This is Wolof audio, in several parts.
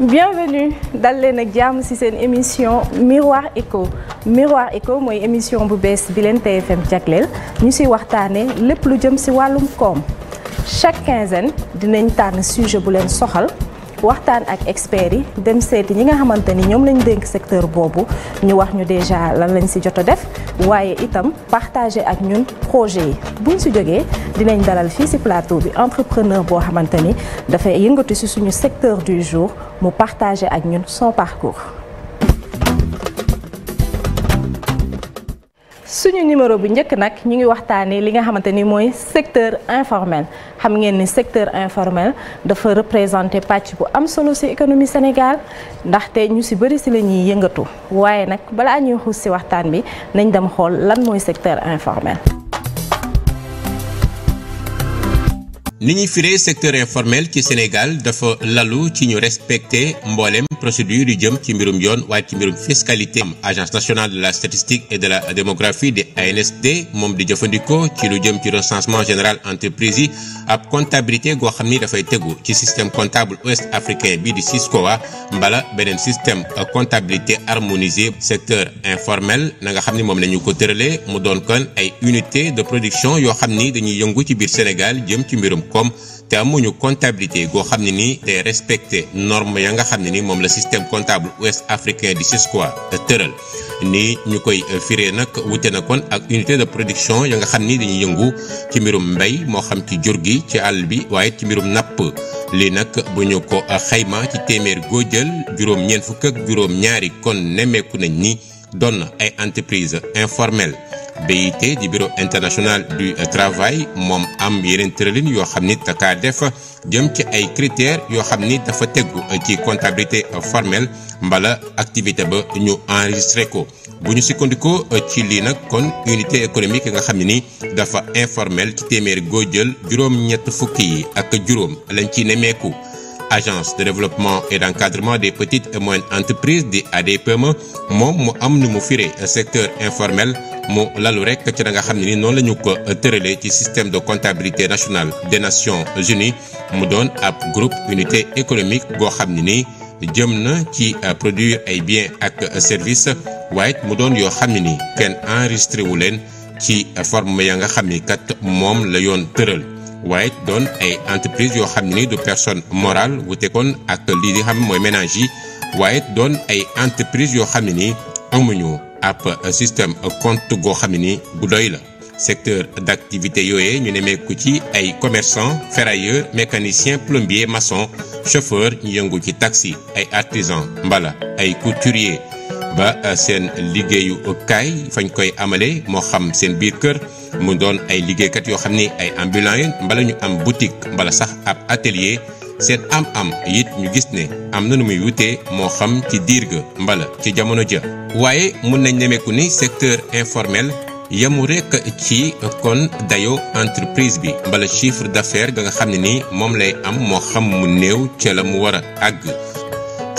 bienvenue dal leen ak jàmm ci seen émission Miroir Echo Miroir Echo mooy émission bu bees bi leen TFM jagleel ñu ci waxtaanee lépp lu jëm ci wàllum koom chaque quinzaine dinañ tànn sujet bu leen soxal waxtaan ak experts yi dem seeti ñi nga xamante ni ñoom lañu dénk secteur boobu ñu wax ñu déjà lan lañ ci jot a def waaye itam partager ak ñun projet yi buñ ci jógee dinañ dalal fii ci plateau bi entrepreneur boo xamante ni dafay yëngatu ci suñu secteur du jour mu partager ak ñun son parcours suñu numéro bu njëkk nag ñu ngi waxtaanee li nga xamante ni mooy secteur informel xam ngeen ni secteur informel dafa représenté pàcc bu am solo ci économie Sénégal ndaxte ñu ci bëri ci la ñuy yëngatu waaye nag balaa ñuy xuus ci waxtaan bi nañ dem xool lan mooy secteur informel. li ñuy firee secteur informel ci Sénégal dafa lalu ci ñu respecter mboolem procédure di jëm ci mbirum yoon waaye ci mbirum fiscalité am agence nationale de la statistique et de la démographie di ANSD moom di jëfandikoo ci lu jëm ci recensement général entreprise yi ab comptabilité goo xam ni dafay tegu ci système comptable ouest africain bi di SYSCOA mbala beneen système comptabilité harmonisé secteur informel na nga xam ni moom la ñu ko tëralee mu doon kon ay unité de production yoo xam ni dañuy yëngu ci biir Sénégal jëm ci mbirum comme te amuñu contabilité goo xam ne nii day respecté norme ya nga xam ne ni moom la système comptable ouest africain di SYSCOA tëral ni ñu koy euh, firee nag wute na kon ak unité de production ya nga xam ni dañu yëngu ci mbirum mbay moo xam ci jur gi ci àll bi waaye ci mbirum napp lii nag bu ñu ko euh, xayma ci téeméer goo jël juróom fukk ak ñaari kon nemmeeku nañ ni doon ay entreprise informelle BIT di bureau international du travail moom am yeneen tëralin yoo xam ni kaa def jëm ci ay critères yoo xam ni dafa tegu ci comptabilité formelle mbala activité ba ñu enregistré ko bu ñu sukkandikoo ci lii nag kon unité économique nga xam ne ni dafa informel ci téeméer goo jël juróom-ñett fukki yi ak juróom lañ ciy nemmeeku. agence de développement et d'encadrement des petites et moyennes entreprises di ADPME moom mu am nu mu firé secteur informel. mu lalu rek ci da nga xam ne ni noonu la ñu ko tëralee ci système de comptabilité nationale des Nations Unies mu doon ab groupe unité économique goo xam ne nii jëm na ci produit ay biens ak services waaye mu doon yoo xam ne ni kenn enregistré wu leen ci forme ya nga xam ni kat moom la yoon tëral waaye doon ay entreprise yoo xam ne ni du personne morale wute kon ak lii di xam mooy ménage yi waaye doon ay entreprise yoo xam ne ni amuñu ab système compte goo xam ne ni bu doy la secteur d'activité yooyee ñu ne nemmeeku ci ay commerçants ferrailleurs mécaniciens plombiers maçons chauffeurs ñu yëngu ci taxi ay artisans mbala ay couturiers ba euh, seen liggéeyu kaay fañ koy amale moo xam seen biir kër mu doon ay liggéeykat yoo xam ni ay ambulants mbala ñu am boutique mbala sax ab atelier seen am-am it ñu gis ne am na nu muy wutee moo xam ci diir ga mbala ci jamono ja waaye mun nañ nemeeku ni secteur informel yamu rek ci kon dayo entreprise bi mbala chiffre d'affaires ga nga xam ne ni moom lay am moo xam mu néew ca la mu war a àgg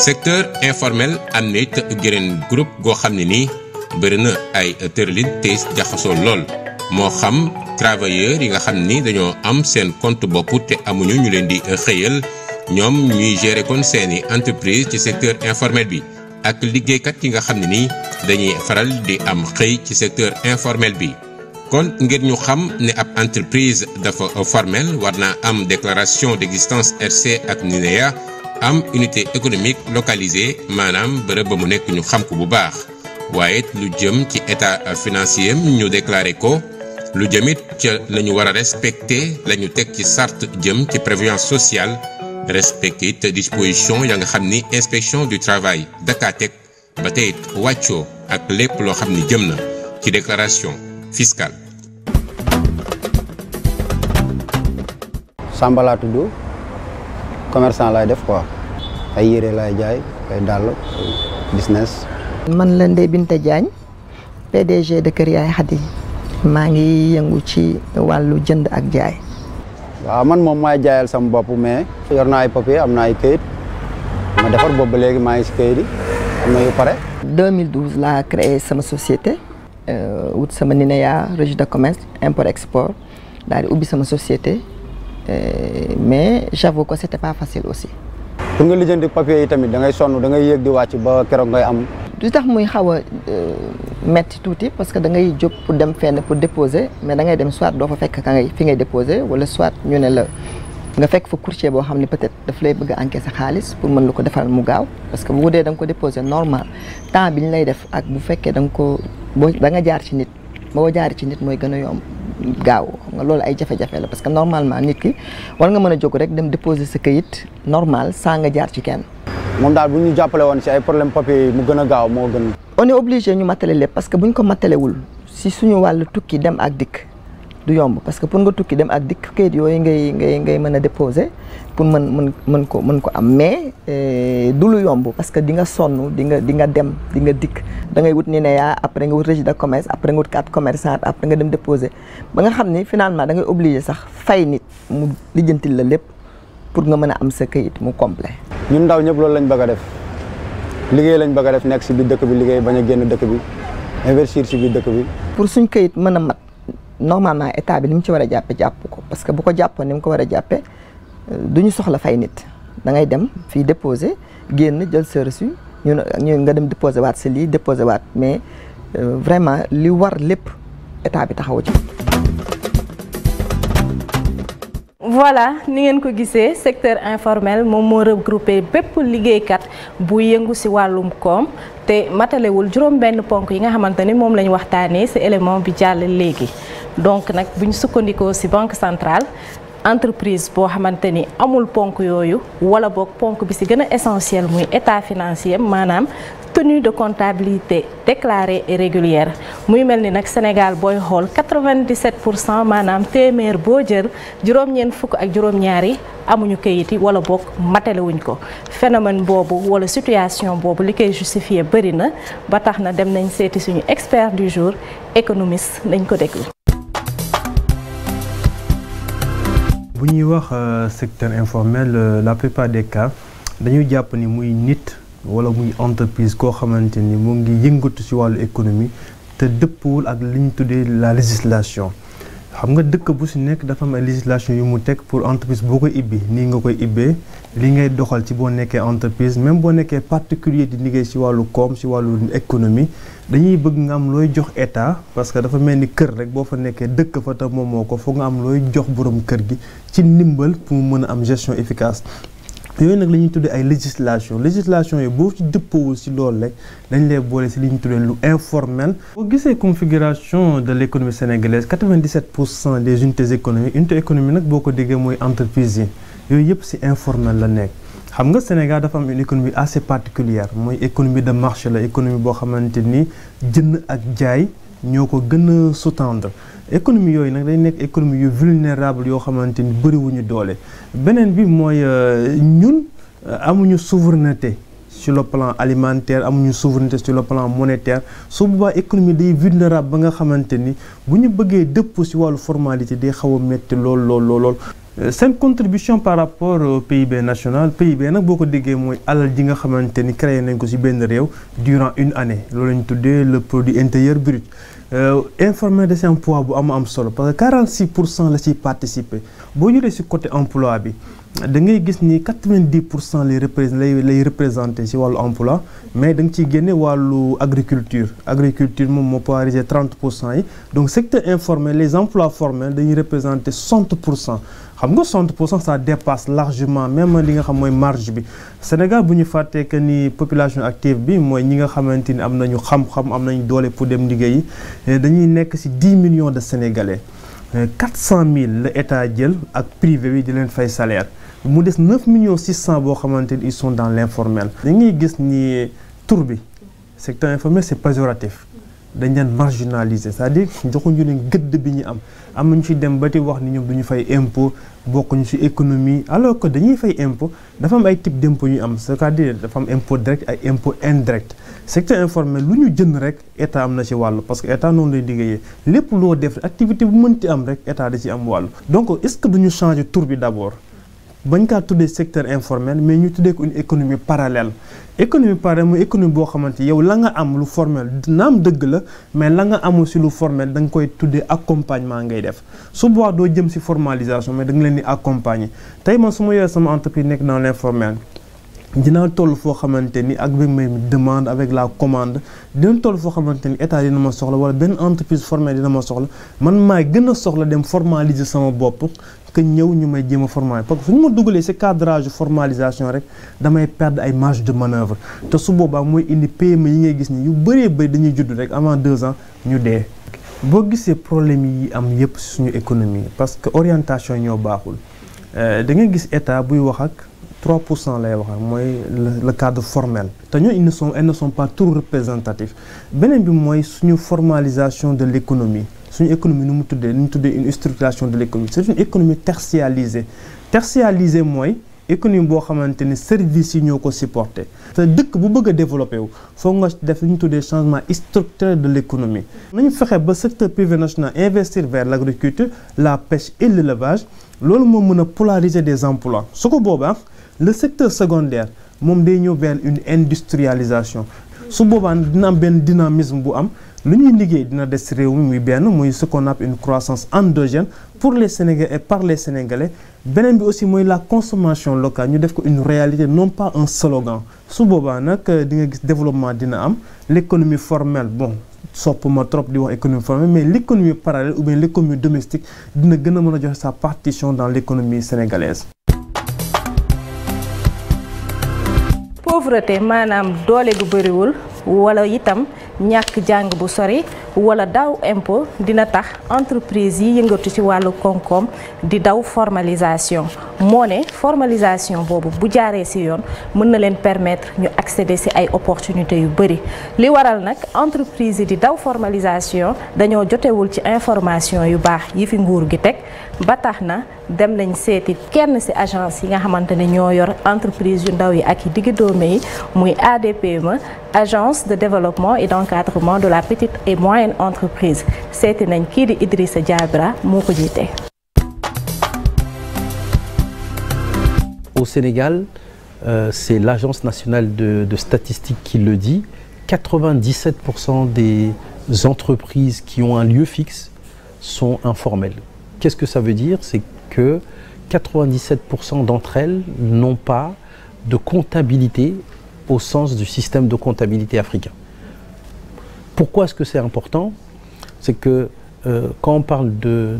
secteur informel am na geneen groupe goo xam ne nii bëri na ay tëralin te jaxasoo lool moo xam travailleurs yi nga xam ni dañoo am seen compte bopp te amuñu ñu leen di xëyal ñoom ñuy gérer kon seeni entreprise ci secteur informel bi ak liggéeykat yi nga xam ne ni dañuy faral di am xëy ci secteur informel bi. kon ngir ñu xam ne ab entreprise dafa formel war naa am déclaration d'existence RC ak NINEA am unité économique localisée maanaam bërëb ba mu nekk ñu xam ko bu baax waaye lu jëm ci état financier ñu déclaré ko. lu jëmit ca la ñu war a respecté la teg ci sart jëm ci prévion sociale respecté it disposition ya nga xam ni inspection du travail dakateg ba tey it wàccoo ak lépp loo xam ni jëm na ci déclaration fiscale. Samba laa tudd commerçant def ko ay yére laay jaay ay dàll business. man la Ndeye Binta Diagne PDG de Kër Yaay Khady. maa ngi yëngu ci wàllu jënd ak jaay. waaw man moom maay jaayal sama bopp mais yor naa ay papier am naa ay këyit ma defar bopp ba léegi maa ngi si këyit yi am na yu pare. 2012 laa créé sama société euh, wut sama NINEA registre de commerce import export daal di ubbi sama société euh, mais j'avoue que c'était pas facile aussi. pour nga lijjanti papier yi tamit da ngay sonn da ngay yéeg di wàcc ba keroog ngay am. lu tax muy xaw a euh, metti tuuti parce que da ngay jóg pour dem fenn pour déposer mais dangay dem soit doo fa fekk ka ngay fi ngay déposer wala soit ñu ne la nga fekk fa courtier boo xam ne peut-être daf lay bëgg a sa xaalis pour mën lu ko defal mu gaaw parce que bu dee da nga ko déposer normal temps bi ñu lay def ak bu fekkee danga nga ko boo da jaar ci nit boo jaaree ci nit mooy gën a yomb gaaw xam nga loolu ay jafe-jafe la parce que normalement nit ki war nga mën a jóg rek dem déposer sa kayit normal sans jaar ci kenn. moom daal bu ñu jàppale woon si ay problème papier yi mu gën a gaaw moo gën. on est obligé ñu matale lépp parce que bu ñu ko matalewul si suñu wàllu tukki dem ak dikk du yomb parce que pour nga tukki dem ak dikk kayit yooyu ngay ngay ngay mën a déposer pour mën mën mën ko mën ko am mais eh, du lu yomb parce que di nga sonn di nga di nga dem di nga dikk da ngay wut ni ne yaa après nga wut registre de commerce après nga wut carte commerçante après nga dem déposer ba nga xam ni finalement da ngay sax fay nit mu lijjantil la lépp pour nga mën a am sa kayit mu complet ñun daw ñëpp loolu lañ bëgg a def liggéey lañ bëgg a nekk si biir dëkk bi liggéey bañ a génn dëkk bi investir si biir dëkk bi. pour suñ kayit mën a mat normalement état bi li mu ci war a jàppe jàpp ko parce que bu ko jàppoon ni mu ko war a jàppe du ñu soxla fay nit da ngay dem fii déposer génn jël sa reçu ñu ñu nga dem déposer waat si lii déposer waat mais euh, vraiment li war lépp état bi taxawu ci. voilà ni ngeen ko gisee secteur informel moom moo grouper bépp liggéeykat bu yëngu ci wàllum koom te matalewul juróom benn ponk yi nga xamante ni moom la ñu waxtaanee ci élément bi jàll léegi donc nag bu ñu sukkandikoo ci banque centrale entreprise boo xamante ni amul ponk yooyu wala book ponk bi ci gën a essentiel muy état financier maanaam tenue de comptabilité déclarée et régulière muy mel ni nag Sénégal booy xool 97 pour cent maanaam téeméer boo jël juróom fukk ak juróom-ñaar yi amuñu kayit yi wala boog matalewuñ ko phénomène boobu wala situation boobu li koy justifier bëri na ba tax na dem nañ seeti suñu expert du jour économiste nañ ko déglu. bu ñuy wax euh, secteur informel euh, la plupart des cas dañuy jàpp ni muy nit wala muy entreprise koo xamante ni mu ngi yëngatu ci wàllu économie te dëppwul ak li ñu tuddee la législation xam nga dëkk bu si nekk dafa am ay législation yu mu teg pour entreprise boo koy ibbi nii nga koy ibbee li ngay doxal ci boo nekkee entreprise même boo nekkee particulier di liggéey ci wàllu koom ci wàllu économie dañuy bëgg nga am looy jox état parce que dafa mel ni kër rek boo fa nekkee dëkk fa te moom moo ko foog nga am looy jox borom kër gi ci ndimbal pour mu mën a am gestion efficace yooyu nag la ñuy tuddee ay législation législation yi boo ci dëppoowul ci loolu rek dañ lay boole si li ñu tuddee lu informel boo gisee configuration de l'économie sénégalaise 97 pour cent des unités économiques unité économique nag boo ko déggee mooy entreprise yi yooyu yëpp ci informel la nekk xam nga Sénégal dafa am une économie assez particulière mooy économie de marché la économie boo xamante ni jënd ak jaay ñoo ko gën a sous économie yooyu nag day nekk économie yu vulnérable yoo xamante ni bëriwuñu doole beneen bi mooy euh, ñun euh, amuñu souveraineté sur le alimentaire amuñu souveraineté ci le plan monétaire su boobaa économie day vulnérable ba nga xamante ni bu ñu bëggee dëpp ci wàllu formalité day xaw a métti lool lool Euh, seen contribution par rapport au PIB national PIB nag boo ko déggee mooy alal ji nga xamante ni créé nañ ko ci benn réew durant une année loolu ñu tuddee le produit intérieur brut euh, informel de seen poids bu am am solo parce que 46 pour cent la ciy participer boo jëlee ci côté emploi bi dangay gis ni 90 pour cent lay représ lay lay représenté ci wàllu emploi mais danga nga ciy génne wàllu agriculture agriculture moom moo polariser 30 pour cent yi donc secteur informel les emplois formels dañuy représenté 60 pour cent. xam nga 60 pour cent ça dépasse largement même li nga xam mooy marge bi Sénégal bu ñu fàttee que ni population active bi mooy ñi nga xamante ni am nañu xam-xam am nañu doole pour dem liggéeyi eh, dañuy nekk ci 10 millions de Sénégalais 400000 eh, la état jël ak privé bi di leen fay salaire mu des 9 millions 600 boo xamante ni ils sont dans l'informel dañuy gis ni tur bi secteur informel c'est péjoratif. dañ leen marginaliser c'est-à-dire joxuñu ni gëdd bi ñu am am ñu ci dem ba ti wax ni ñoom du ñu fay impôt bokkuñu ci économie aloo que dañuy fay impôt dafa am ay type d' ñu am cest à am impôt direct ay impôt indirect secteur informel lu ñu jënd rek état am na ci wàll parce que état noonu lay liggéeyee lépp loo def activité bu mënti am rek état da ci am wàll donc est-ce que du ñu changer tur bi d' abord bañ kaa tuddee secteur informel mais ñu tuddee ko une économie parallèle économie parallèle mooy économie boo xamante yow la nga am lu formel naam dëgg la mais la nga amul si lu formel danga nga koy tuddee accompagnement ngay def su boobaa doo jëm si formalisation mais da leen di accompagner tey man su ma yoree sama entreprise nekk dans l' formel dinaa toll foo xamante ni ak bi may demande avec la commande dina toll foo xamante ni état dina ma soxla wala benn entreprise formelle dina ma soxla man maay gën a soxla dem formaliser sama bopp que ñëw ñu may jéem a former parce que suñu ma dugalee ci cadrage formalisation rek damay perdre ay marge de manœuvre te su boobaa mooy indi PME yi ngay gis ni yu bëree bëri dañuy judd rek avant deux ans ñu dee. boo gisee problème yi am yépp suñu économie parce que orientation ñoo baaxul euh, da nga gis état buy wax ak. 3 pour cent lay wax mooy le cadre formel te ñoo ils ne sont ils ne sont pas trop représentatifs beneen bi mooy suñu formalisation de l'économie suñu économie nu mu tuddee nu mu tuddee une structuration de l'économie c'est une économie tertialisée tertialisée mooy économie boo xamante ni services yi ñoo ko supporter te dëkk bu bëgg a développé wu foog nga def li ñu tuddee changement structurel de l'économie nañu fexe ba secteur privé national investir vers l'agriculture la pêche et loolu moo mën a polariser des emplois su ko boobaa le secteur secondaire moom day ñëw benn une industrialisation su boobaa dina am benn dynamisme bu am lu ñuy liggéey dina des réew mi muy benn muy ce qu'on appelle une croissance endogène pour les Sénégalais et par les Sénégalais beneen bi aussi mooy la consommation locale ñu def ko une réalité non pas un slogan su boobaa nag euh, di nga gis développement dina am l'économie formel bon sopp ma trop di wax économie formelle mais l'économie parallèle ou bien l'économie domestique dina gën a mën a joxe sa partition dans l'économie pauvreté maanaam doole gu bëriwul wala itam ñàkk jàng bu sori wala daw impo dina tax entreprise yi yëngatu ci wàllu koom-koom di daw formalisation moo ne formalisation boobu bu jaaree si yoon mën na leen permettre ñu accédé ci ay opportunités yu bëri li waral nag entreprise yi di daw formalisation dañoo jotewul ci information yu baax yi fi nguur gi teg ba tax na dem nañ seeti kenn ci agence yi nga xamante ne ñoo yor entreprise yu ndaw yi ak yi digg doome yi muy ADPME agence de développement et d'encadrement de la petite et moyenne entreprise seeti nañ kii di Idrissa Diabra moo ko jiite. Au Sénégal, euh, c'est l'agence nationale de, de statistique qui le dit, 97% des entreprises qui ont un lieu fixe sont informelles. Qu'est-ce que ça veut dire? C'est que 97% d'entre elles n'ont pas de comptabilité au sens du système de comptabilité africain. Pourquoi est-ce que c'est que euh, quand on parle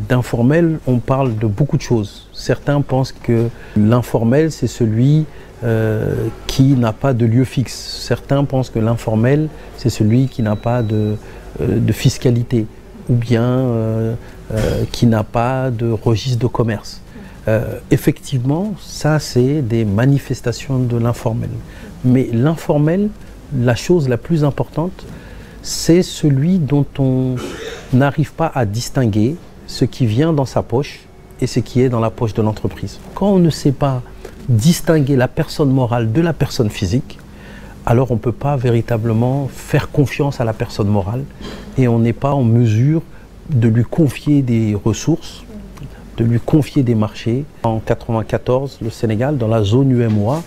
d'informel, on de beaucoup de choses. Certains pensent que l'informel, c'est celui euh, qui n'a pas de lieu fixe. Certains pensent que l'informel, c'est celui qui n'a pas de, euh, de fiscalité. ou bien euh, euh, qui n'a pas de registre de commerce. Euh, effectivement, ça, c'est des manifestations de l'informel. Mais l'informel, la chose la plus importante, c'est celui dont on n'arrive pas à distinguer ce qui vient dans sa poche et ce qui est dans la poche de l'entreprise. Quand on ne sait pas distinguer la personne morale de la personne physique, alors on ne véritablement faire confiance la personne morale et on n'est pas en mesure de confier de lui confier des marchés. En Sénégal, dans la zone UMOA,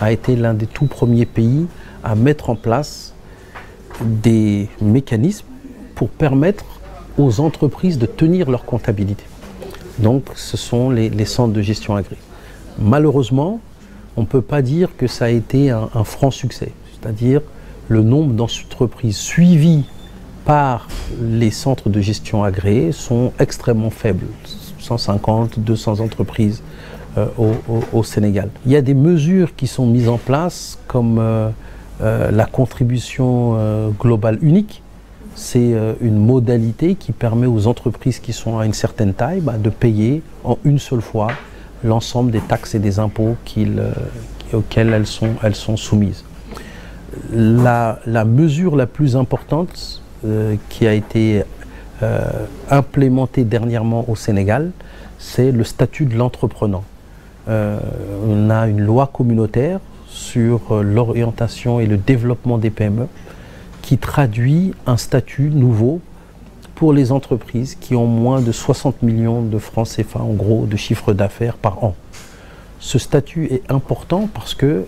a été l'un des tout premiers pays place des pour permettre aux entreprises de tenir leur comptabilité. Donc ce les, les centres de gestion agri. Malheureusement, on ne peut pas dire que ça a été un, un franc succès. C'est-à-dire le nombre d'entreprises suivies par les centres de gestion agréés sont extrêmement faibles, 150, 200 entreprises euh, au, au, au, Sénégal. Il y a des mesures qui sont mises en place comme euh, euh, la contribution euh, globale unique. C'est euh, une modalité qui permet aux entreprises qui sont à une certaine taille bah, de payer en une seule fois l'ensemble des taxes et des impôts euh, auxquels elles sont, elles sont soumises. La, la, mesure la plus importante euh, qui a été euh, implémentée dernièrement au Sénégal, c'est le statut de l'entreprenant. Euh, on a une loi communautaire sur euh, l'orientation et le développement des PME qui traduit un statut nouveau pour les entreprises qui ont moins de 60 millions de francs CFA, en gros, de chiffre d'affaires par an. Ce statut est important parce que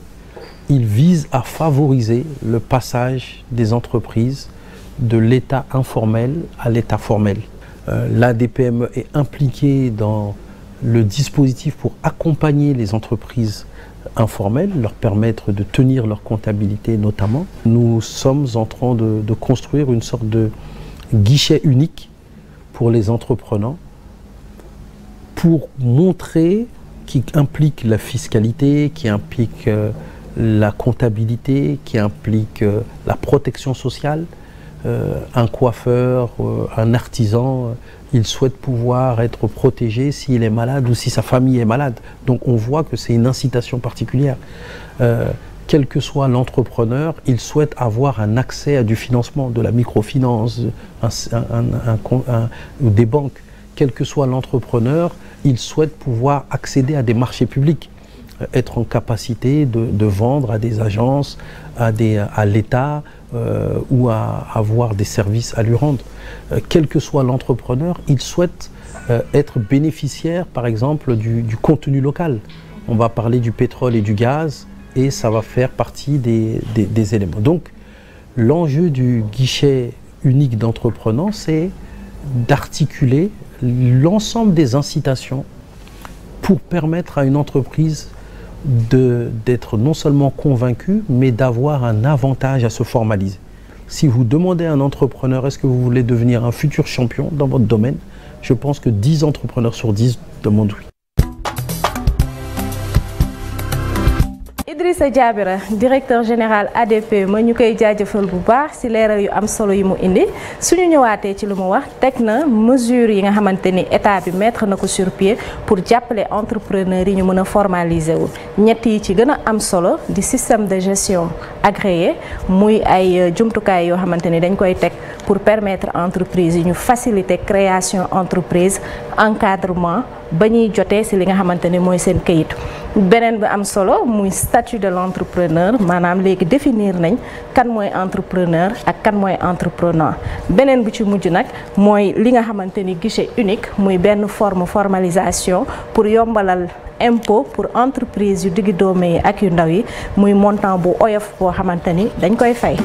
il vise à favoriser le passage des entreprises de l'état informel à l'état formel. Euh, L'ADPME est impliquée dans le dispositif pour accompagner les entreprises informelles, leur permettre de tenir leur comptabilité notamment. Nous sommes en train de, de construire une sorte de, guichet unique pour les entrepreneurs, pour montrer qui implique la fiscalité, qui implique euh, la comptabilité, qui implique euh, la protection sociale. Euh, un coiffeur, euh, un artisan, euh, il souhaite pouvoir être protégé s'il est malade ou si sa famille est malade. Donc on voit que c'est une incitation particulière. Euh, quel que soit l'entrepreneur, il souhaite avoir un accès à du financement, de la microfinance, un, un, un, des banques. Quel que soit l'entrepreneur, il souhaite pouvoir accéder à des marchés publics, euh, être en capacité de, de vendre à des agences, à, des, à l'État euh, ou à avoir des services à lui rendre. Euh, quel que soit l'entrepreneur, il souhaite euh, être bénéficiaire, par exemple, du, du contenu local. On va parler du pétrole et du gaz et ça va faire partie des, des, des éléments. Donc, l'enjeu du guichet unique d'entreprenant, c'est d'articuler l'ensemble des incitations pour permettre à une entreprise d'être non seulement convaincue, mais d'avoir un avantage à se formaliser. Si vous demandez à un entrepreneur est-ce que vous voulez devenir un futur champion dans votre domaine, je pense que 10 entrepreneurs sur 10 demandent oui. Idrissa Diabira directeur général ADP ma ñu koy jaajëfal bu baax ci leeral yu am solo yi mu indi suñu ñëwaatee ci lu mu wax teg na mesures yi nga xamante ni état bi mettre na ko sur pied pour jàppale entrepreneurs yi ñu mën a formaliser wu ñett yi ci gën a am solo di système de gestion agréé muy ay euh, jumtukaay yoo xamante ni dañ koy teg pour permettre entreprise yu ñu faciliter création entreprise encadrement ba ñuy jotee ci li nga xamante ni mooy seen kayitu beneen bi am solo muy statut de l'entrepreneur maanaam léegi définir nañ kan mooy entrepreneur ak kan mooy entrepreneur beneen bu ci mujj nag mooy li nga xamante ni guichet unique muy benn forme formalisation pour yombalal impôt pour entreprise yu diggi doome yi ak yu ndaw yi muy montant bu oyof boo xamante ni dañ koy fay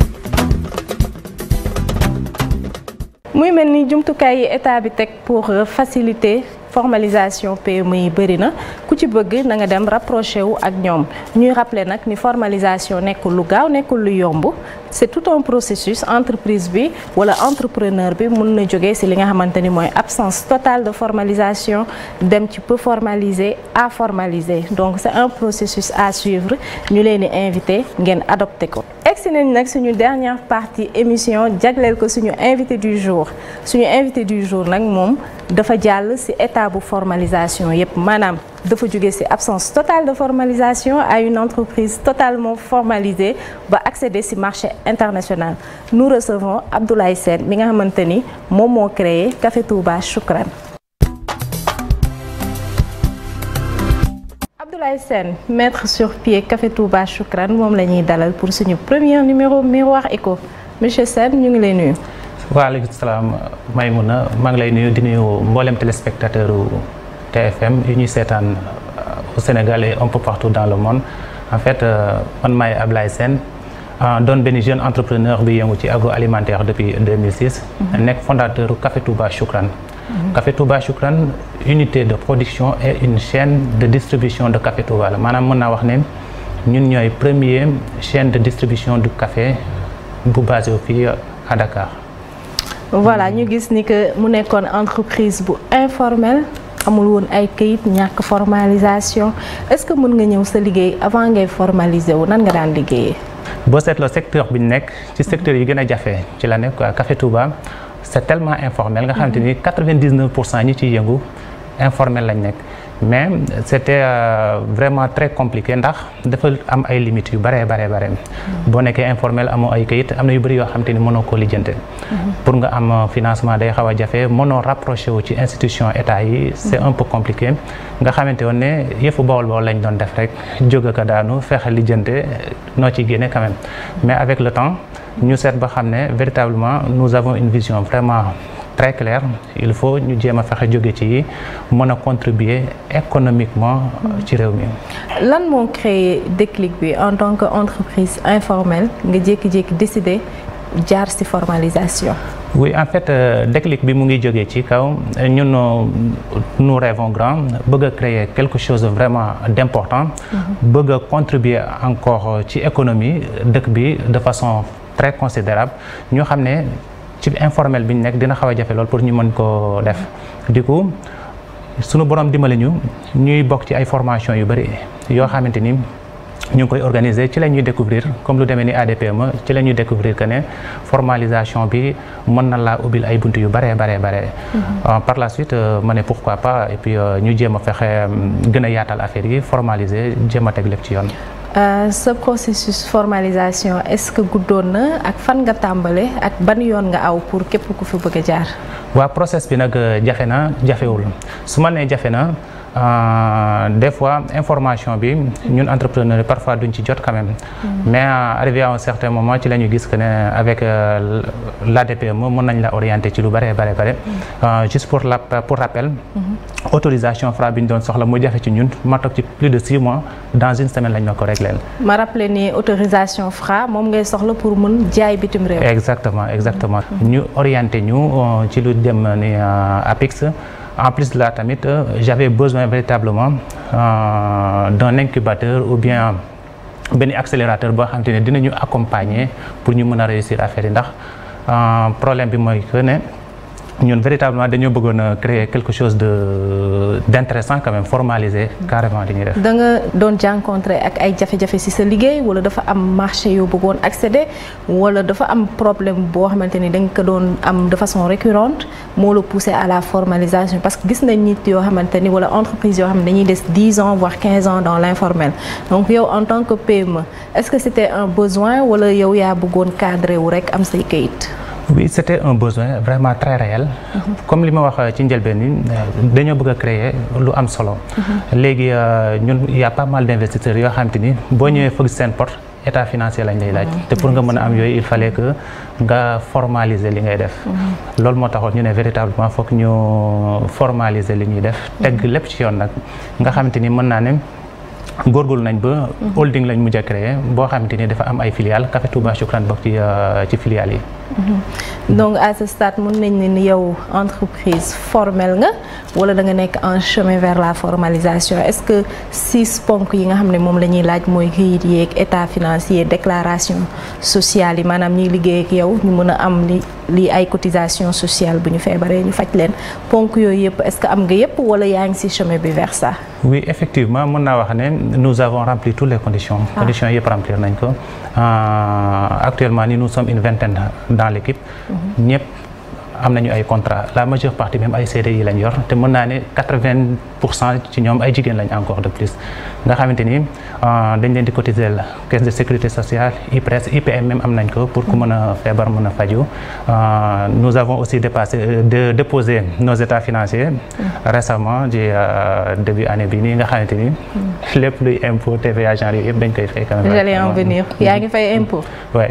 muy mel ni jumtukaay yi état bi teg pour faciliter formalisation PME yi bëri na ku ci bëgg na nga dem rapproché wu ak ñoom ñuy rappeler nag ni formalisation nekkul lu gaaw nekkul lu yomb c'est tout un processus entreprise bi wala entrepreneur bi mun na jóge si li nga xamante ni mooy absence totale de formalisation dem ci peu formalisé à formalisé donc c'est un processus à suivre ñu leen di invité ngeen adopté ko. egsi nañ nag suñu dernière partie émission jagleel ko suñu invité du jour suñu invité du jour nag moom. dafa jàll ci état bu formalisation yépp maanaam dafa jóge ci absence totale de formalisation à une entreprise totalement formalisée ba accéder ci marché international nous recevons Abdoulaye Sène mi nga xamante ni moom moo créer Café Touba Choukran Abdoulaye Sène mettre sur pied Café Touba Choukran moom la ñuy dalal pour suñu premier numéro Miroir Eco monsieur Sène ñu ngi lay nuyu waaleykum salaam Maymuna maa ngi lay nuyu di nuyu mboolem téléspectateur TFM yu ñuy seetaan euh, au Sénégal dans le monde en fait euh, man maay Ablaye Sène euh, doon benn jeune entrepreneur bi yëngu ci agroalimentaire depuis 2006. Mhm. nekk fondateur Café Touba Choukran. Mhm. Café Touba Choukran unité de production et une chaîne de distribution de Café Touba la maanaam mën naa wax ne ñun ñooy premier chaine de distribution du café bu basé fii à Dakar. voilà ñu gis ni que mu nekkoon entreprise bu informelle amul woon ay kayit ñàkk formalisation est-ce que mën nga ñëw sa liggéey avant ngay formaliser wu nan nga daan liggéeyee. boo seetloo secteur bi ñu nekk ci secteur yi gën a jafe ci la nekk quoi Café Touba c'est tellement informel nga xamante ni 99 pour cent ñi ciy yëngu informel lañ nekk. mais c'était euh, vraiment très compliqué ndax dafa am ay limites yu bare bare bare boo nekkee informel amoo ay kayit am na yu bëri yoo xam ni mënoo koo lijjante pour nga am financement day xaw a jafe mënoo rapproché wu ci institution état yi c'est un peu compliqué nga xamante yoon ne yëfu bawol bawol lañ doon def rek jóge ko daanu fexe lijjante noo ci génne quand mais avec le temps ñu seet ba xam ne véritablement nous avons une vision vraiment très clair il faut ñu jéem a fexe jóge ci mën a contribuer économiquement mm-hmm. ci réew mi. lan moo créé déclique bi en tant que entreprise informelle nga jékki-jékki décider jaar ci formalisation. oui en fait euh, déclic bi mu ngi jógee ci kaw ñun euh, nous rêvons grand bëgg a créer quelque chose de vraiment d'important. Mm-hmm. bëgg a contribuer encore euh, ci économie dëkk bi de façon très considérable ñu xam ne. ci informel bi ñu nekk dina xaw a jafe lool pour ñu mën koo def du coup sunu borom dimbali ñu ñuy bokk ci ay formation yu bëri yoo xamante ni ñu ngi koy organiser ci la ñuy découvrir comme lu demee ni ADPME ci la ñuy découvrir que ne formalisation bi mën na laa ubbil ay bunt yu bare bare bare mm-hmm. euh, par la suite euh, ma ne pourquoi pas et puis euh, ñu jéem a fexe mm, gën a yaatal affaire yi formaliser jéem a teg lépp ci yoon Euh, sa processus formalisation est-ce que guddoon na ak fan nga tàmbale ak ban yoon nga aw pour képp ku fi bëgg jaar. waaw process bi nag euh, jafe na jafewul su ma nee jafe na. Euh, des fois information bi ñun entrepreneur parfois duñ ci jot quand même mm. mais euh, arrivé à un certain moment ci la ñu gis que ne avec euh, l'ADPME mën nañ la orienter ci lu bare bare bare mm. juste pour la pour rappel mm-hmm. autorisation Fra bi ñu doon soxla mu jafe ci ñun ma toog ci plus de six mois dans une semaine lañ ko réglé ma rappelé ni autorisation Fra moom ngay soxla pour mun jaay bitim réew exactement exactement mm-hmm. ñu orienté ñu ci lu dem ni APIX en plus de là tamit euh, j'avais besoin véritablement euh, d'un incubateur ou bien benn accélérateur boo xamante ne dinañu accompagner pour ñu mën a réussir affaire yi ndax euh, problème bi mooy que ne ñun véritablement dañoo bëggoon a créer quelque chose de d'intéressant quand même formalisé carrément li def. da nga doon jànkoonte ak ay jafe-jafe ci sa liggéey walla dafa am marché yoo bëggoon accéder walla dafa am problème boo xamante ni da nga ko doon am de façon récurrente moo la poussé à la formalisation parce que gis nañ nit yoo xamante ni walla entreprise yoo xam ne dañuy des dix ans voire quinze ans dans l'informel donc yow en tant que PME est-ce que c'était un besoin walla yow yaa bëggoon cadré wu rekk am say kayit. oui c' était un besoin vraiment très réel. comme li ma wax euh, ci njëlbeen yi euh, dañoo bëgg a créer lu am solo. léegi euh, ñun y' a pas mal d' yoo xam ni boo ñëwee fëgg seen porte état financier lañ lay laaj. te pour nga mën a am yooyu il fallait que nga formaliser li ngay def. loolu moo taxoon ñu ne véritablement foog ñu formaliser li ñuy def. teg lépp ci yoon nag nga xam mën naa ne. góorgóorlu nañ ba holding lañ mujj a créé boo xamante ni dafa am ay filiales Café Touba Choukran bokk ci euh, ci yi. Mm-hmm. donc à ce stade mun nañ ne yow entreprise formel nga wala da nga nekk en chemin vers la formalisation est-ce que six ponk yi nga xam ne moom la ñuy laaj mooy kayit yeeg état financier déclaration sociale yi maanaam ñuy liggéey ak ñu mën a am lii ay cotisation sociale bu ñu feebaree ñu faj leen ponk yooyu yëpp est-ce que am nga yëpp wala yaa ngi ci chemin bi vers ça. oui effectivement mën naa wax ne nous avons rempli toutes les conditions. Ah. conditions yëpp remplir nañ ko euh, actuellement nii nous sommes une vingtaine dans l'équipe. Mhm. ñëpp. am nañu ay contrat la majeure partie même ay CDI yi lañ yor te mën naa ne quatre-vingt pour cent ci ñoom ay jigéen lañ encore de plus nga xamante ni euh, dañ leen di cotiser la caisse de sécurité sociale IPRES IPM même am nañ ko pour ku mën a feebar mën a faju euh, nous avons aussi dépassé euh, de déposé nos états financiers récemment ci début année bi nii nga xamante ni mm. lépp luy impôt TVA genre yooyu yëpp dañ koy fay quand même. Vous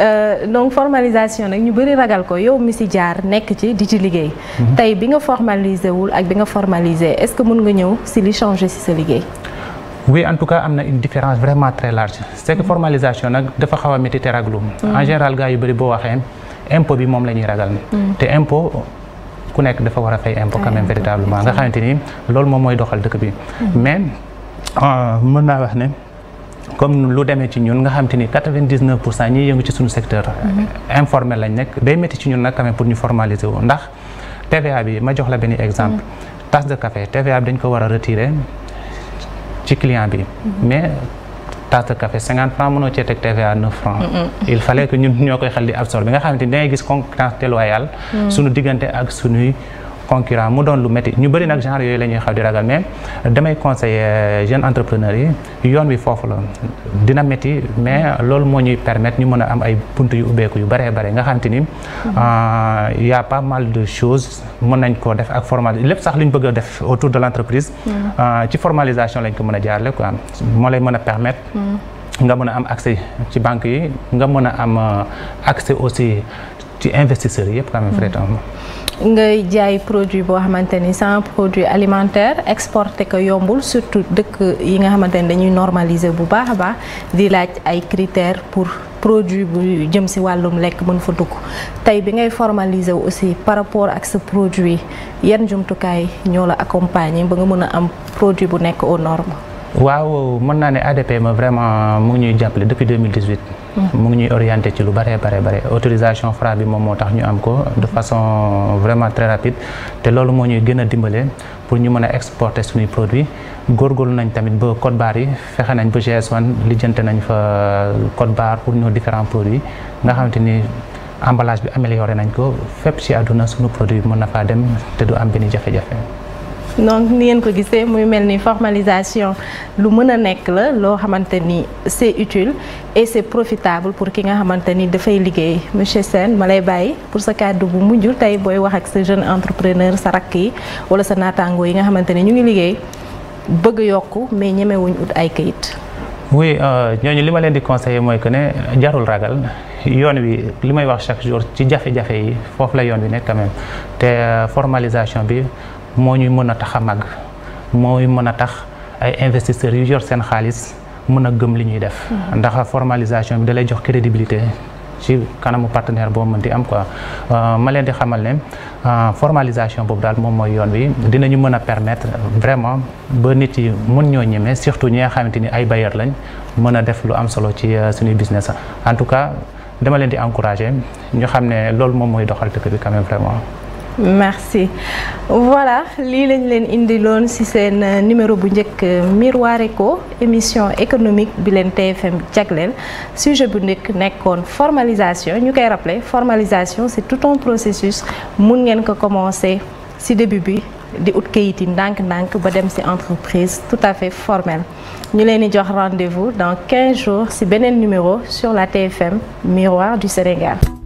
Euh, donc formalisation nag ñu bëri ragal ko yow mi si jaar nekk ci di ci liggéey. Mhm. tey bi nga formalisé wul ak bi nga formalisé est-ce que mën nga ñëw si li changé si sa liggéey. oui en tout cas am na une différence vraiment très large c'est que mhm. formalisation nag dafa xaw a métti te raglu mhm. en général gars yu bëri boo waxee impôt bi moom la ñuy ragal ni te impôt ku nekk dafa war a fay impôt quand même véritablement nga xamante ni lool moom mooy doxal dëkk bi mais euh, mën naa comme lu demee ci ñun nga xam te ni pour cent ñiy yëngu ci suñu secteur mhm. informel lañ nekk day métti ci ñun nag quand pour ñu formaliser wu ndax TVA bi ma jox la benn exemple mhm. tasse de café TVA bi dañ ko war a retirer ci client bi mhm. mais tasse de café cinquante francs mënoo cee teg TVA neuf francs il fallait que ñun ñoo koy xel di absorber nga xamante ni dangay gis concurrence déloyale mm. suñu diggante ak suñuy concurrent mu doon lu métti ñu bëri nag genre yooyu la ñuy xaw di ragal mais damay conseiller jeune entrepreneur yi yoon wi foofu la dina métti mais loolu moo ñuy permettre ñu mën a am ay punt yu yu bëree bëri nga xam ni euh, y a pas mal de choses mën nañ koo def ak formalité lépp sax lu ñu bëgg a def autour de l'entreprise mm. euh, ci formalisation lañ ko mën a jaarale quoi moo lay mën a permettre mm. nga mën a am accès ci banque yi nga mën a am euh, accès aussi ci investisseurs yi yëpp quand même mm. ngay jaay produit boo xamante ni sans produit alimentaire exporté ko yombul surtout dëkk yi nga xamante ni dañuy normaliser bu baax a baax di laaj ay critères pour produit bu jëm si wàllum lekk mën fa dugg tey bi ngay formaliser wu aussi par rapport ak sa produit yan jumtukaay ñoo la accompagner ba nga mën a am produit bu nekk aux normes. waaw mën naa ne ADP ma vraiment mu ngi ñuy jàppale depuis 2018. mu ngi ñuy orienté ci lu bare bare bare autorisation Fra bi moom moo tax ñu am ko de façon vraiment très rapide te loolu moo ñuy gën a dimbale pour ñu mën a exporter suñuy produit góorgóorlu nañ tamit ba code barre yi fexe nañ ba GS1 lijjante nañ fa code barre pour nos différents produits nga xamante ni emballage bi yore nañ ko fépp ci àdduna suñu produit mën na faa dem te du am benn jafe-jafe donc ni ngeen ko gisee muy mel ni formalisation lu mën a nekk la loo xamante ni c'est utile et c'est profitable pour ki nga xamante ni dafay liggéey monsieur Sène ma lay bàyyi pour sa kàddu bu mujj tey booy wax ak sa jeune entrepreneur sa rakk yi wala sa naataangoo yi nga xamante ni ñu ngi liggéey bëgg yokk mais ñemewuñ ut ay kayit. oui euh, ñooñu li ma leen di conseiller mooy que ne jarul ragal yoon wi li may wax chaque jour ci jafe-jafe yi foofu la yoon wi nekk quand te euh, formalisation bi. moo ñuy mën a tax a màgg mooy mën a tax ay investisseurs yu yor seen xaalis mën a gëm li ñuy def. Hmm. ndax formalisation bi da lay jox crédibilité ci kanamu partenaire boo mën di am quoi euh, ma leen di xamal ne euh, formalisation boobu daal moom mooy yoon wi dinañu mën a permettre vraiment ba nit yi mën ñoo ñemee surtout ñi nga xamante ni ay bailleurs lañ mën a def lu am solo ci euh, suñuy business en tout cas dama leen di encourager ñu xam ne loolu moom mooy doxal dëkk bi quand merci voilà lii lañ leen indiloon ci seen euh, numéro bu njëkk euh, Miroir Eco émission économique bi leen TFM jagleel sujet bu njëkk nekkoon formalisation ñu koy rappelé formalisation c'est tout un processus mun ngeen ko commencer ci début bi di ut kayit yi ndànk-ndànk ba dem ci entreprise tout à fait formelle ñu leen di jox rendez-vous dans 15 jours ci beneen numéro sur la TFM Miroir du Sénégal.